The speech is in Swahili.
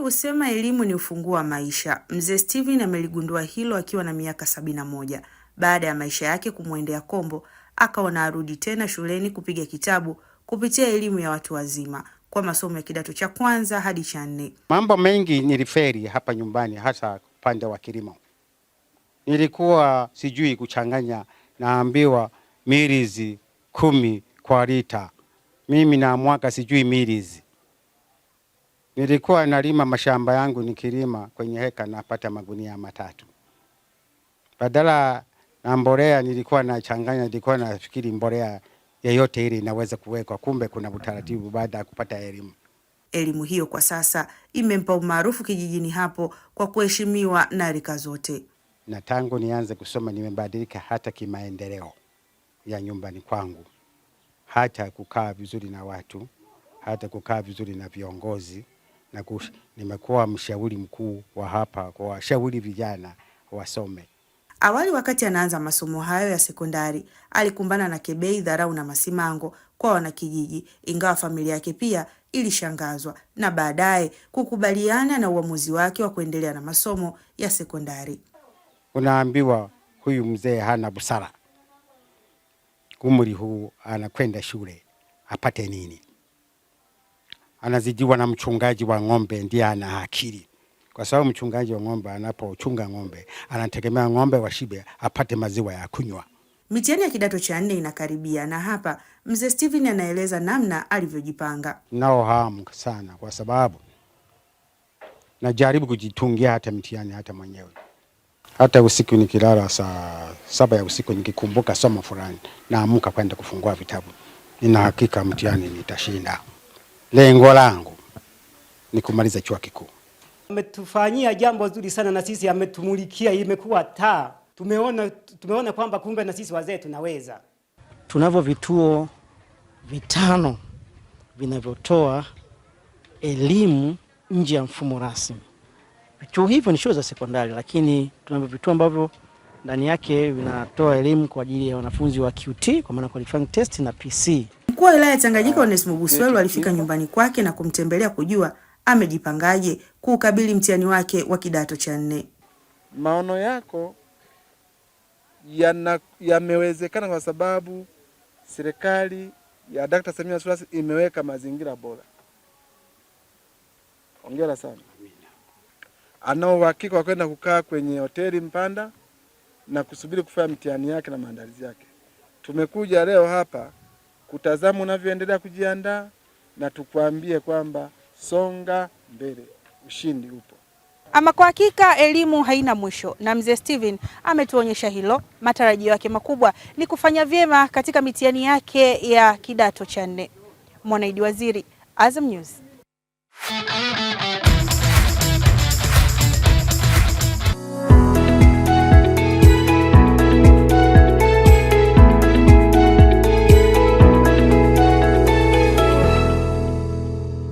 husema elimu ni ufunguo wa maisha. Mzee Steven ameligundua hilo akiwa na miaka sabini na moja baada ya maisha yake kumwendea kombo, akaona arudi tena shuleni kupiga kitabu kupitia elimu ya watu wazima kwa masomo ya kidato cha kwanza hadi cha nne. Mambo mengi niliferi hapa nyumbani, hasa upande wa kilimo. Nilikuwa sijui kuchanganya, naambiwa milizi kumi kwa lita, mimi na mwaka sijui milizi nilikuwa nalima mashamba yangu nikilima kwenye heka napata magunia matatu. Badala na mbolea nilikuwa nachanganya, nilikuwa nafikiri mbolea yeyote ile inaweza kuwekwa, kumbe kuna utaratibu baada ya kupata elimu. Elimu hiyo kwa sasa imempa umaarufu kijijini hapo kwa kuheshimiwa na rika zote. Na tangu nianze kusoma nimebadilika hata kimaendeleo ya nyumbani kwangu, hata kukaa vizuri na watu, hata kukaa vizuri na viongozi na nimekuwa mshauri mkuu wa hapa kwa washauri vijana wasome. Awali wakati anaanza masomo hayo ya sekondari alikumbana na kebei, dharau na masimango kwa wanakijiji, ingawa familia yake pia ilishangazwa na baadaye kukubaliana na uamuzi wake wa kuendelea na masomo ya sekondari. Unaambiwa huyu mzee hana busara, umri huu anakwenda shule apate nini? anazidiwa na mchungaji wa ng'ombe, ndiye ana akili, kwa sababu mchungaji wa ng'ombe anapochunga ng'ombe anategemea ng'ombe washibe apate maziwa ya kunywa. Mitihani ya kidato cha nne inakaribia na hapa mzee Steven anaeleza namna alivyojipanga. Nao hamu sana, kwa sababu najaribu kujitungia hata mtihani hata mwenyewe, hata usiku nikilala saa saba ya usiku nikikumbuka somo fulani, naamka kwenda kufungua vitabu, nina hakika mtihani nitashinda lengo langu ni kumaliza chuo kikuu. Ametufanyia jambo zuri sana na sisi ametumulikia, imekuwa taa. Tumeona, tumeona kwamba kumbe na sisi wazee tunaweza. Tunavyo vituo vitano vinavyotoa elimu nje ya mfumo rasmi. Vituo hivyo ni shule za sekondari, lakini tunavyo vituo ambavyo ndani yake vinatoa elimu kwa ajili ya wanafunzi wa QT kwa maana qualifying test na PC. Mkuu wa wilaya Tanganyika Onesmo Buswelu alifika nyumbani kwake na kumtembelea kujua amejipangaje kuukabili mtihani wake wa kidato cha nne. Maono yako yamewezekana ya kwa sababu serikali ya Dkt. Samia Suluhu imeweka mazingira bora. Hongera sana. Anao uhakika wa kwenda kukaa kwenye hoteli Mpanda na kusubiri kufanya mtihani yake na maandalizi yake. Tumekuja leo hapa kutazama unavyoendelea kujiandaa, na tukwambie kwamba songa mbele, ushindi upo. Ama kwa hakika elimu haina mwisho, na mzee Steven ametuonyesha hilo. Matarajio yake makubwa ni kufanya vyema katika mitihani yake ya kidato cha nne. Mwanaidi Waziri, Azam News.